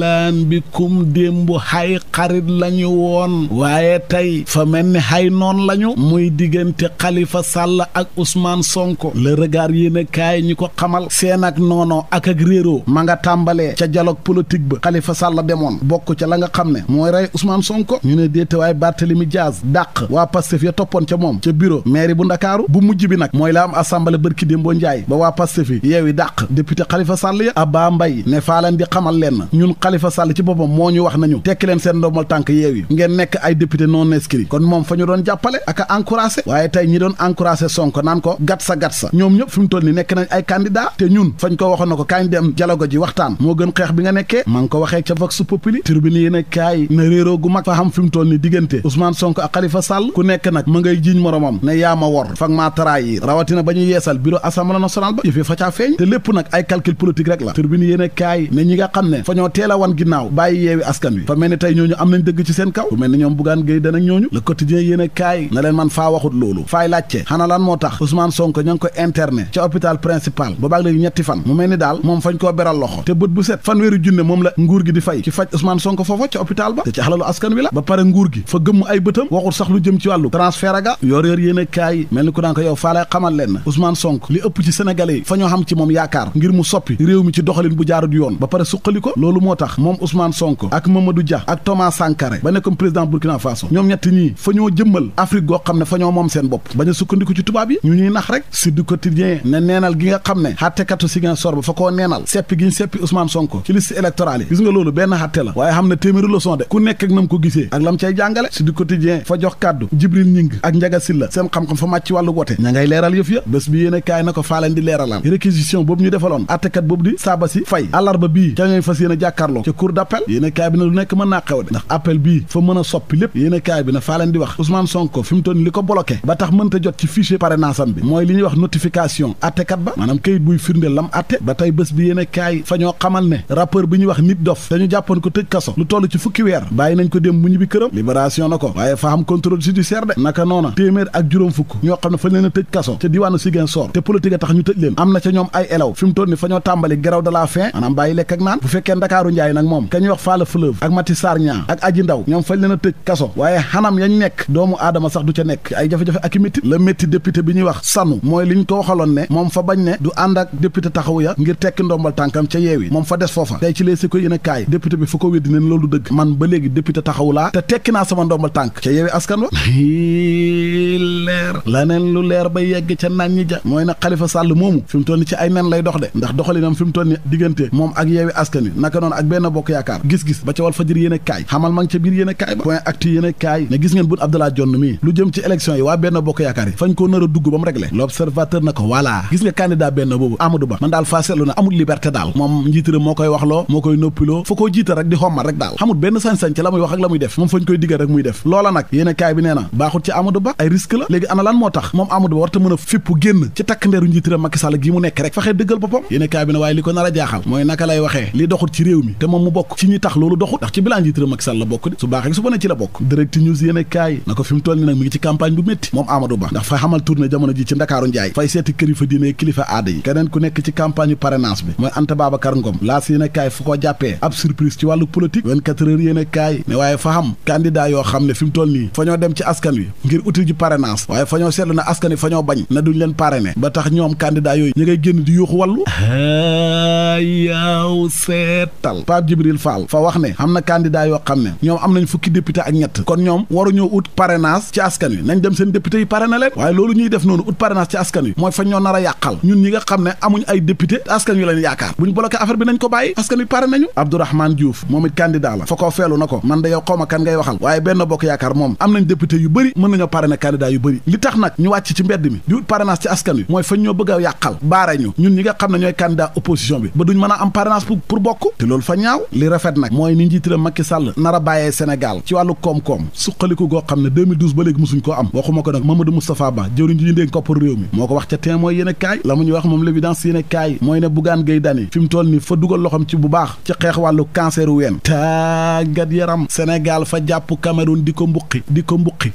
lan bi démb xay xarit lañu woon waaye tey fa mel ni xay noon lañu muy diggante xalifa Sall ak Ousmane Sonko le regard yéen kaay ñu ko xamal seen ak noono ak ak réeroo ma nga tàmbalee ca dialogue politique ba xalifa Sall demoon bokk ca la nga xam ne mooy rey Ousmane Sonko ñu ne déetewaay Barthélemy Diaz dàq waa Pastef ya toppoon ca moom ca bureau mairie bu Ndakaaru bu mujj bi nag mooy la am assemblée bërki démboo Njaay ba waa Pastef yeewi dàq député Khalifa Sall ya Abba Mbaye ne faa leen di xamal leen ñun Khalifa Sall ci boppam moo ñu wax nañu tekki leen seen ndombal tànk yeew yi ngeen nekk ay député non kon moom fa ñu doon jàppale ak a encouragé waaye tey ñi doon encouragé Sonko naan ko gat sa gat sa ñoom ñëpp fi mu toll ni nekk nañ ay candidat te ñun fañ ko waxoon ko kañ dem dialogue ji waxtaan moo gën xeex bi nga nekkee ma ko waxee ca Vox Populi tribune yéen a na réeroo mag fa calcul politique rek la turbine kaay ne ñi nga xam ne fa ñoo teel a wan ginnaaw bàyyi yeewi askan wi fa mel ni tey ñooñu am nañ dëgg ci seen kaw bu mel ni ñoom buggaan géy danag ñooñu le quotidien yéen kaay na leen man faa waxut loolu faay laajte xana lan moo tax Ousmane Sonko ña ko interné ca hôpital principal boobaag léegi ñetti fan mu mel ni daal moom fañ koo beral loxo te bët bu set fanweeri junne moom la nguur gi di fay ci faj Ousmane Sonko foofa ca hôpital soppi réew mi ci doxalin bu jaarut yoon ba pare suqali ko loolu moo tax moom Ousmane Sonko ak Mamadou Dia ak Thomas Sankara ba nekkoon président Burkina Faso ñoom ñett ñii fa ñoo jëmmal Afrique goo xam ne fa moom seen bopp bañ a sukkandiku ci tubaab yi ñu ñuy nax rek Sud Quotidien ne neenal gi nga xam ne xattekatu si ngeen sor ba fa koo neenal seppi gi ñu seppi Ousmane Sonko ci liste électorale yi gis nga loolu benn xatte la waaye xam ne téeméeri leçon de ku nekk ak nam ko gisee ak lam cay jàngale Sud na ko attekat boobu di Sabassy Faye àllarba bii ca ngeen fas yéen a ca cour d' appel bi ne lu nekk mën naa xew de ndax appel bii fa mën a soppi lépp yéene bi ne faa di wax Ousmane Sonko fi mu toon li ko bloqué ba tax mënta jot ci fichier parrainage am bi mooy li ñuy wax notification attekat ba maanaam kayit buy firndeel lam atte ba tey bés bi yéene fa ñoo xamal ne rappeur bi ñuy wax nit dof dañu jàppoon ko tëj kaso lu toll ci fukki weer ñoo tàmbali grève de la faim maanaam bàyyi lekk ak naan bu fekkee ndakaaru njaay nag moom ka ñuy wax Falla Fleuve ak Mati Sarr Niang ak Aji Ndaw ñoom fañ leen a tëj kaso waaye xanam yañ nekk doomu aadama sax du ca nekk ay jafe-jafe ak i métti la métti député bi ñuy wax sanu mooy liñ ko waxaloon ne moom fa bañ ne du ànd ak député taxawu ya ngir tekki ndombal tànkam ca yeewi moom fa des foofa tey ci les si ko yéen a bi fa ko weddi neen loolu dëgg léegi député taxawu laa te naa sama ndombal tànk ca yeewi askan wa leer la neen lu leer ba yegg ca naan ñi ja mooy na Xalifa Sàll moomu fi mu toll ni ci ay nen lay dox de ndax doxalinam fi mu toll ni diggante moom ak yeewi askan wi naka noonu ak benn bokk yaakaar gis-gis ba ca wal fajër yéen e kaay xamal ma ngi ca biir yéen e kaay ba point actu yéen e kaay ne gis ngeen bun Abdallah Jonn mii lu jëm ci élection yi waa benn bokk yaakaar yi fañ koo nar a dugg ba mu réglé l'observateur na ko voilà gis nga candidat benn boobu Amadou Ba man daal faa seetlu na amul liberté daal moom njiitëram moo koy waxloo moo koy noppiloo fa koo jiita rek di xommal rek daal xamul benn sañ la muy wax ak la muy def moom fañ koy digal rek muy def loola nag yéen e kaay bi nee na baaxul ci Amadou Ba ay risque la léegi ana lan moo tax a fépp mu nekk rek fexe dëggal boppam yéenekaay bi ne waaye li ko nar a jaaxal mooy naka lay waxee li doxut ci réew mi te moom mu bokk ci ñi tax loolu doxut ndax ci bilan njiit réew Macky la bokk di su baaxee su bonee ci la bokk Direct News yéenekaay na ko fi mu toll nag mi ngi ci campagne bu métti moom Amadou Ba ndax fay xamal tournée jamono ji ci Ndakaaru Njaay fay seeti kilifa diine kilifa aada yi keneen ku nekk ci campagne parrainage bi mooy Anta Babacar Ngom laas yéenekaay fu ko jàppee yaaw seetal Pape Djibril Fall fa wax ne xam na candidat yoo xam ne ñoom am nañ fukki député ak ñett kon ñoom waruñoo ut parrainage ci askan wi nañ dem seen député yi parrainé leen waaye loolu ñuy def noonu ut parrainage ci askan wi mooy fa ñoo nar a yàqal ñun ñi nga xam ne amuñ ay député askan wi lañ yaakaar buñ bloqué affaire bi nañ ko bàyyi askan wi pare nañu Abdourahmane Diouf moom it candidat la fa ko feelu na ko man de yow xaw kan ngay waxal waaye benn bokk yaakaar moom am nañ député yu bëri mën nañoo parrainé candidat mooy fa ñoo bëgg a yàqal candidat opposition bi ba duñ mën a am parrainage pour bokk te loolu fa ñaaw li rafet nag mooy ni njiitira Macky Sall nar a bàyyee ci wàllu koom-koom suqaliku goo xam ne ba léegi musuñ koo am waxuma ko nag Mamadou Moustapha Ba jëwriñ ji ñu dénk koppar réew mi moo ko wax ca Témoin mooy yéen a kaay la mu ñu wax moom l'évidence yéen a mooy ne Bougane Gueye Dany fi mu ni fa dugal loxam ci bu baax ci xeex wàllu cancer ween tàggat yaram Sénégal fa jàpp Cameroun di ko mbuqi di ko mbuqi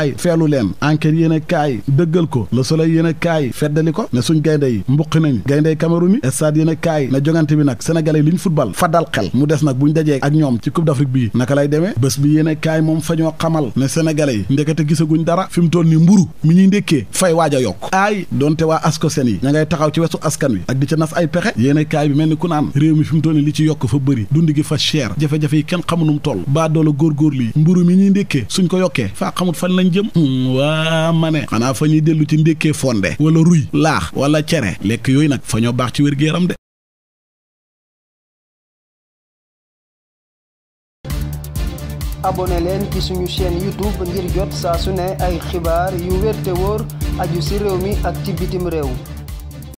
kaay feelu leen enquête yéen a kaay dëggal ko le soleil yéen a kaay feddali ko ne suñ gaynde yi mbuqi nañ gayndey Cameroun yi stade yéen a kaay ne jongante bi nag sénégalais yi liñ football faddal xel mu des nag buñ dajee ak ñoom ci coupe d'Afrique bii naka lay demee bés bi yéen a kaay moom fa xamal ne sénégalais yi ndekete gisaguñ dara fi mu ni mburu mi ñuy ndékkee fay waaj a yokk aay doonte waa asko seen yi ña ngay taxaw ci wesu askan wi ak di ca nas ay pexe yéen fañ jëm waa ma xanaa fa ñuy dellu ci mbékkee fonde wala ruy laax wala cere lekk yooyu nag fa ñoo baax ci wér-gu-yaram de abonné ci suñu chaîne youtube ngir jot saa su ne ay xibaar yu wér wóor aju ci réew mi ak ci bitim réew